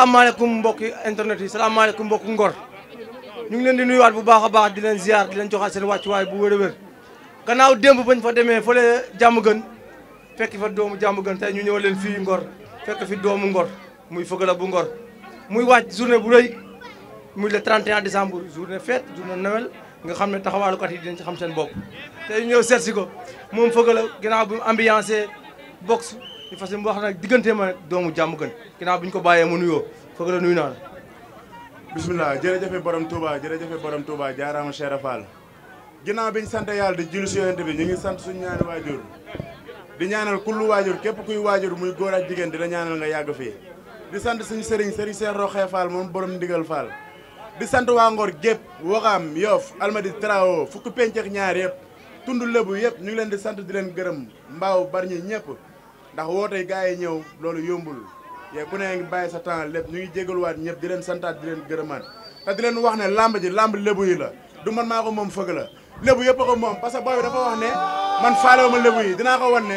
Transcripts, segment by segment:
salaamaaleykum mbokki internet yi salaamaaleykum mbokki Ngor ñu ngi leen di nuyuwaat bu baax a di leen ziar di leen joxaat seen wàccuwaay bu wér a wér gannaaw démb bañ fa demee fële jàmm gën fekk fa doomu jàmm gën tey ñu ñëw leen fii Ngor fekk fi doomu Ngor muy Feugeula bu Ngor muy wàcc journée bu rëy muy le 31 décembre journée fête journée Noël nga xam ne taxawaalukat yi dinañ ci xam seen bopp tey ñu ñëw seet si ko moom Feugeula gannaaw bi ambiancé box ñu fas yéene wax nag diggante ma doomu jàmm gën ginnaaw bi ñu ko bàyyee mu nuyoo foog la nuyu naa la. bisimilah jërëjëf borom Touba jërëjëf borom Touba jaaraama Cheikh Rafal. bi ñu sant yàlla di jill si yonent bi ñu ngi sant suñu ñaani waajur di ñaanal kullu waajur képp kuy waajur muy góor ak jigéen di la ñaanal nga yàgg fii. di sant suñu sëriñ sëriñ Cheikh Roxee moom borom ndigal Fall. di sant waa Ngor gépp Waxaam Yoff Almadi Trawo fukki penc ñaar yëpp tund lébu yëpp ñu ngi leen di sant di leen gërëm mbaaw bari ñi ñëpp ndax woote gars yi ñëw loolu yombul yee bu ne ngi bàyyi sa temps lépp ñu ngi jégaluwaat ñëpp di leen santaat di leen gërëmaat te di wax ne lamb ji làmb lébu yi la du man maa ko moom fëgg la lébu yëpp ko moom parce que booy bi dafa wax ne man faalewu ma lébu yi dinaa ko wan ne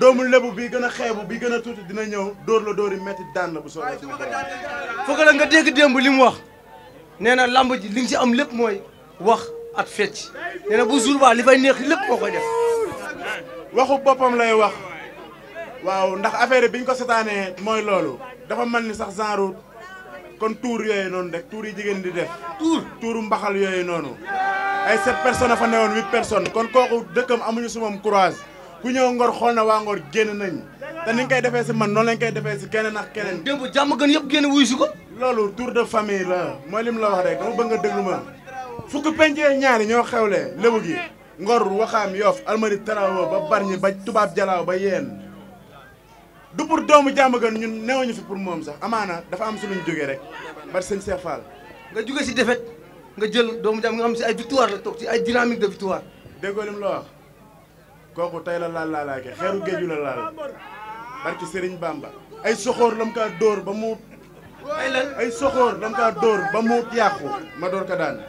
doomu lébu bi gën a xeebu bi gën a tuuti dina ñëw dóor la dóor yi metti daan la bu soobee fëgg la nga dégg démb li mu wax nee na lamb ji li nga si am lépp mooy wax at fecc nee na bu jour li fay neex lépp moo koy def waxu boppam lay wax waaw ndax affaire bi ñu ko setaanee mooy loolu dafa mel ni sax genre kon tuur yooyu noonu rek tuur yi jigéen di def. tuur tuuru mbaxal yooyu noonu. ay sept personnes fa newoon huit personnes. kon kooku dëkkam amuñu su moom courage ku ñëw ngor xool na waa ngor génn nañ te ni ñu koy defee si man noonu lañ koy defee si keneen ak keneen. démb jàmm gën yëpp génn wuyu si ko. loolu tour de famille la mooy lim la wax rek dama bëgg nga déglu ma fukk pencee ñaari ñoo xewle lébu gi ngor waxaam yoof almari tarawo ba barñi ba tubaab jalaaw ba yeen du pour doomu jàmm gën ñun newuñu fi pour moom sax amaana dafa am si suñu jógee rek bari seen Cheikh Fall nga jóge si defe nga jël doomu jàmm nga am si ay victoire la toog si ay dynamique de victoire déggoo lim la kooku tey la laal laalaake xeeru géeju la laal barki Serigne Bamba ay soxoor lam kaa dóor ba mu ay lan ay kaa dóor ba mu yàqu ma door ka daan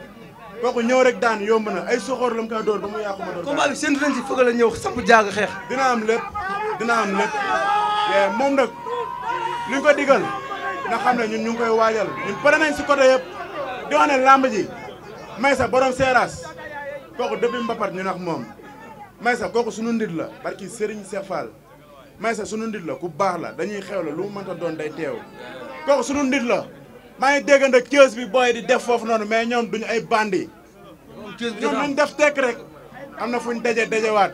kooku ñëw rek daan yomb na ay soxoor lam kaa dóor ba mu yàqu ma door combat bi seen ren si fëgg la ñëw samp jaaga xeex dina am lépp dina am lépp moom na li ñu ko digal nga xam ne ñun ñu koy waajal ñun pare nañ si côté yëpp di wax ne làmb ji Maysa borom Seras kooku depuis Mbapat ñu nax moom Maysa kooku sunu ndit la barki Serigne Cheikh Fall Maysa sunu ndit la ku baax la dañuy xew la lu mu mënta doon day teew kooku sunu ndit la maa ngi déggante kees bi booy di def foofu noonu mais ñoom duñu ay bandi ñoom nañ def tekk rek am na fuñ daje dajewaat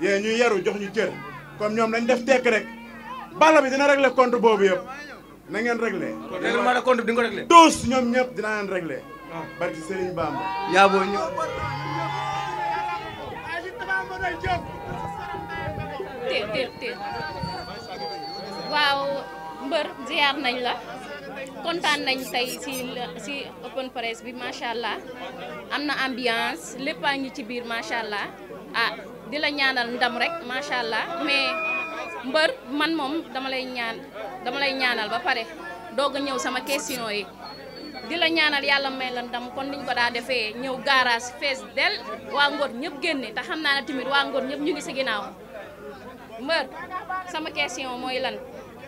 yéen ñu yeru jox ñu cër kon ñoom nañ def tekk rek Balla bi dina régler compte boobu yëpp na ngeen réglé. réglé ma ne compte bi di nga ko réglé. tous ñoom ñëpp dinaa leen réglé. waaw barki Serigne Bamba. yaa booy mbër ziar nañ la kontaan nañ tey si si open press bi macha allah am na ambiance lépp a ngi ci biir macha allah ah di la ñaanal ndam rek macha allah mbër man moom dama lay ñaan dama lay ñaanal ba pare doog a ñëw sama question yi di la ñaanal yàlla may lan ndam kon niñ ko daa defee ñëw garage fees del waa Ngor ñëpp génne te xam naa ne tamit waa Ngor ñëpp ñu si ginnaaw mbër question mooy lan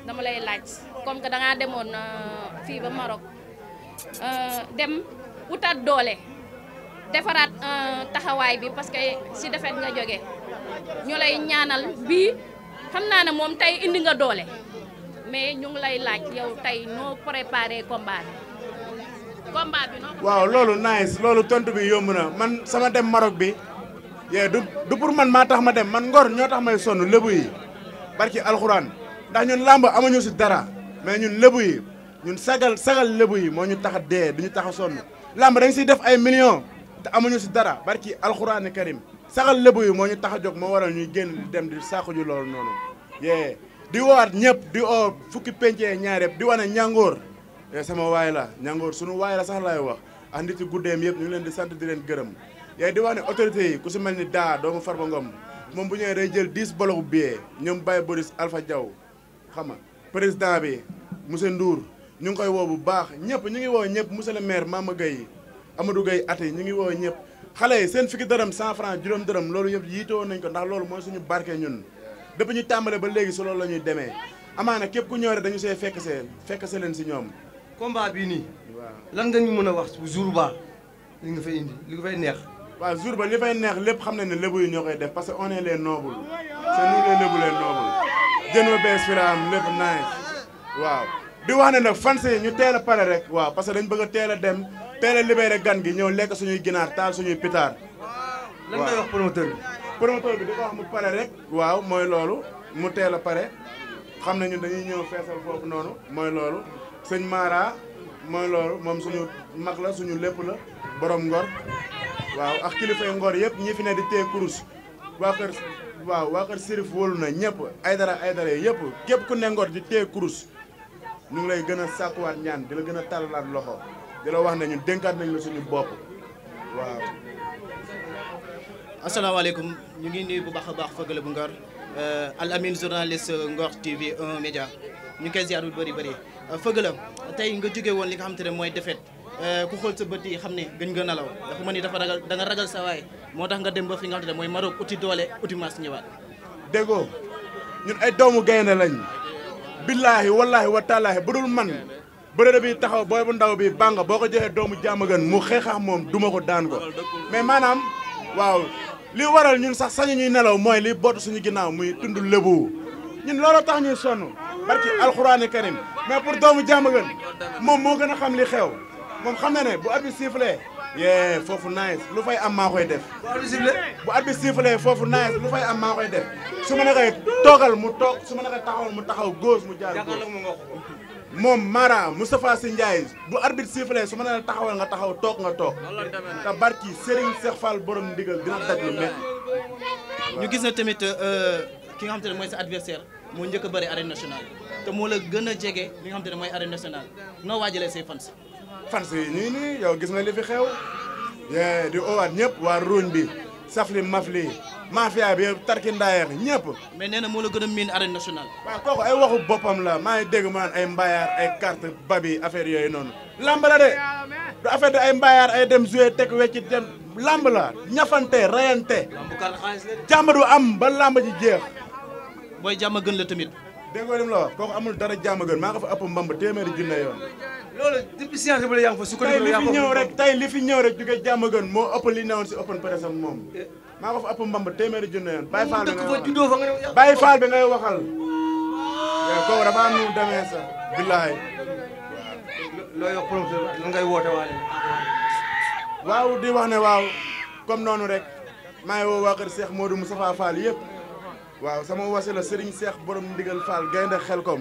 dama lay laaj comme que dangaa demoon euh, fii ba Maroc euh, dem utaat doole defaraat euh, taxawaay bi parce que si defet nga jóge ñu lay ñaanal bii xam naa moom tey indi nga doole mais ñu ngi lay laaj yow tey noo préparé combat bi waaw loolu nice loolu tontu bi yomb na man sama dem Maroc bi yee du du pour man maa tax ma dem man ngor ñoo tax may sonn lébu yi barki alxuraan ndax ñun làmb amuñu si dara mais ñun lébu yi ñun sagal sagal lébu yi moo ñu tax a dee du ñu tax a sonn làmb dañ siy def ay millions. te amuñu si dara ci alxuraani karim saxal lébu yi moo ñu tax a jóg moo waral ñuy génn di dem di sàkku ji loolu noonu yee di woowaat ñëpp di oo fukki pencee ñaareel di wane ñàngoor te sama waay la ñàngoor sunu waaye la sax laay wax ak nit ci guddeem yëpp ñu ngi leen di sant di leen gërëm yee di wax ne autorités yi ku si mel ni daa doomu Farba Ngom moom bu ñëwee day jël 10 bologu billet ñoom Baye Boris Alpha Diaw xam nga président bi monsieur Ndour ñu ngi koy woo bu baax ñëpp ñu ngi woo ñëpp monsieur le maire Mama Gueye Amadou Gueye at yi ñu ngi woo ñëpp xale yi seen fukki dërëm cent franc juróom dërëm loolu ñëpp yiitoo nañ ko ndax loolu mooy suñu barke ñun depuis ñu tàmbale ba léegi si loolu la ñuy demee amaana képp ku ñëw rek dañu see fekk see leen si ñoom combat bii nii lan nga ñu mën a wax jour ba li nga fay indi li nga fay neex waa jour ba li fay neex lépp xam ne ne lébu yi ñoo koy def parce que on est les nobles c'est nous les lébu les nobles jën wa bees firaam ne nag fans ñu teel a pare waaw parce que dañ bëgg a teel a dem teel a libéré gan gi ñëw lekk suñuy ginaar taal suñuy pitaar. lan ngay wax promoteur bi. promoteur bi di ko wax mu pare rek. waaw mooy loolu mu teel a pare xam nañu dañuy ñëw feesal foofu noonu mooy loolu sëñ Mara mooy loolu moom suñu mag la suñu lépp la borom ngor waaw ak kilifay ngor yëpp ñi fi ne di téye kurus waa kër waaw waa kër Sérif wóolu na ñëpp ay dara ay dara yëpp képp ku ne ngor di téye kurus ñu ngi lay gën a sàkkuwaat ñaan di la gën a tàllalaat loxo. di wax nañu ñun dénkaat nañ la suñu bopp waaw. asalaamaaleykum ñu ngi nuyu bu baax a baax Feugeleu bu Ngor euh, Al Amine journaliste Ngor TV 1 Média ñu koy jaar bu bëri bëri euh, Feugeleu tey nga jóge woon li nga xam te ne mooy defet euh, ku xool sa bët yi xam ne gën nga nalaw dafa mën ni dafa ragal danga ragal sa waay moo tax nga dem ba fi nga xam te ne mooy Maroc uti doole uti mas ñëwaat. déggoo ñun ay doomu gaynde lañ billaahi wallaahi wa taalaahi bu dul man. bërëb bi taxaw booy bu ndaw bi bàng boo ko joxee doomu jàmmagan mu xeexax moom duma ko daan ko mais maanaam waaw li waral ñun sax sañu ñuy nelaw mooy li bootu suñu ginnaaw muy tund lébu ñun loolu tax ñuy sonn barki alxuraani karim mais pour doomu jàmmagan moom moo gën a xam li xew moom xam na ne bu abi sifflé yee foofu nice lu fay am maa koy def bu abi sifflé foofu nice lu fay am maa koy def su ma ne koy toogal mu toog su ma ne koy taxawal mu taxaw góos mu jaar góos moom Mara Moustapha Sy Ndiaye bu arbitre sifflé su ma nee taxawal nga taxaw toog nga toog te barki Serigne Cheikh Fall borom ndigal a daj lu métti. ñu gis na tamit euh, ki nga xam te ne mooy sa adversaire moo njëkk a bëri arène te moo la gën a jege li nga xamte te ne mooy arène nationale noo waajalee say fans. fans yi nii nii yow gis nga li xew di owaat ñëpp waa ruuñ bi safli mafli mafia bi tarkindaayar ñëpp. mais nee na moo la gën a miin arène nationale. waaw kooku ay waxu boppam la maa ngi dégg maan ay mbayaar ay carte babi affaire yooyu noonu. lamb la de du affaire de ay mbayaar ay dem jouer teg wecci dem lamb la ñafante rayante. jàmm du am ba lamb ji jeex. booy jàmm gën la tamit. dégg nga la wax kooku amul dara jàmm gën maa nga fa ëpp mbamb téeméeri junne yoon. loolu depuis li fi ñëw rek tey li ñëw rek jóge jàmm gën moo ëpp li newoon si open maa ko fa ëpp mbamb téeméeri junne yoon. bàyyi faal bi nga waxal juddoo fa nga ne bàyyi faal bi ngay waxal. kooku dafa am nu demee sax. billaay. woote waale. waaw di wax ne waaw comme noonu rek maa ngi woo waa kër Cheikh Modou Moustapha Fall yëpp. waaw sama wasila Serigne seex borom ndigal Fall gaynde xel xelkom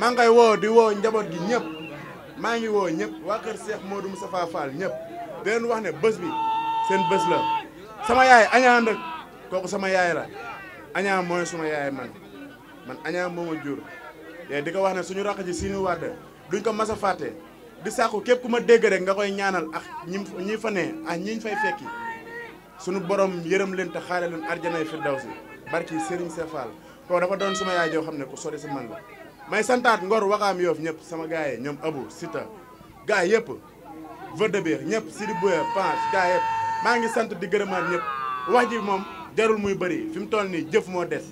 maa ngi koy woo di woo njaboot gi ñëpp maa ngi woo ñëpp waa kër Cheikh Modou Moustapha Fall ñëpp di leen wax ne bës bi seen bés la. sama yaay añaa ndëg kooku sama yaay la añaa mooy suma yaay man man añaa moo ma jur te di ko wax ne suñu raq ji siinu wàdd duñ ko mas a fàtte di sàkku képp ku ma dégg rek nga koy ñaanal ak ñi ñi fa ne ak ñiñ fay fekki suñu borom yërëm leen te xaare leen arjanay firdawsi barki Serigne Sefal kooku dafa doon suma yaay joo xam ne ku sori si man la may santaat ngor waxaam yoof ñëpp sama gars yi ñoom Abu Sita gars yëpp vëdde biir ñëpp Sidi Bouya Pance maa ngi sant di gërëmaat ñëpp wax ji moom jarul muy bëri fi mu toll nii jëf moo des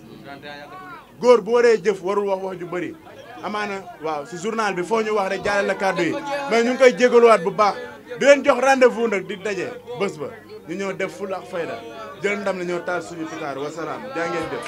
góor bu waree jëf warul wax wax ju bëri amaana waaw si journal bi foo ñu wax rek jaale la kàddu yi mais ñu ngi koy jégaluwaat bu baax di leen jox rendez-vous nag di daje bës ba ñu ñëw def ful ak fayda jël ndam na ñoo taal suñu pitaar wasalaam jaa ngeen jëf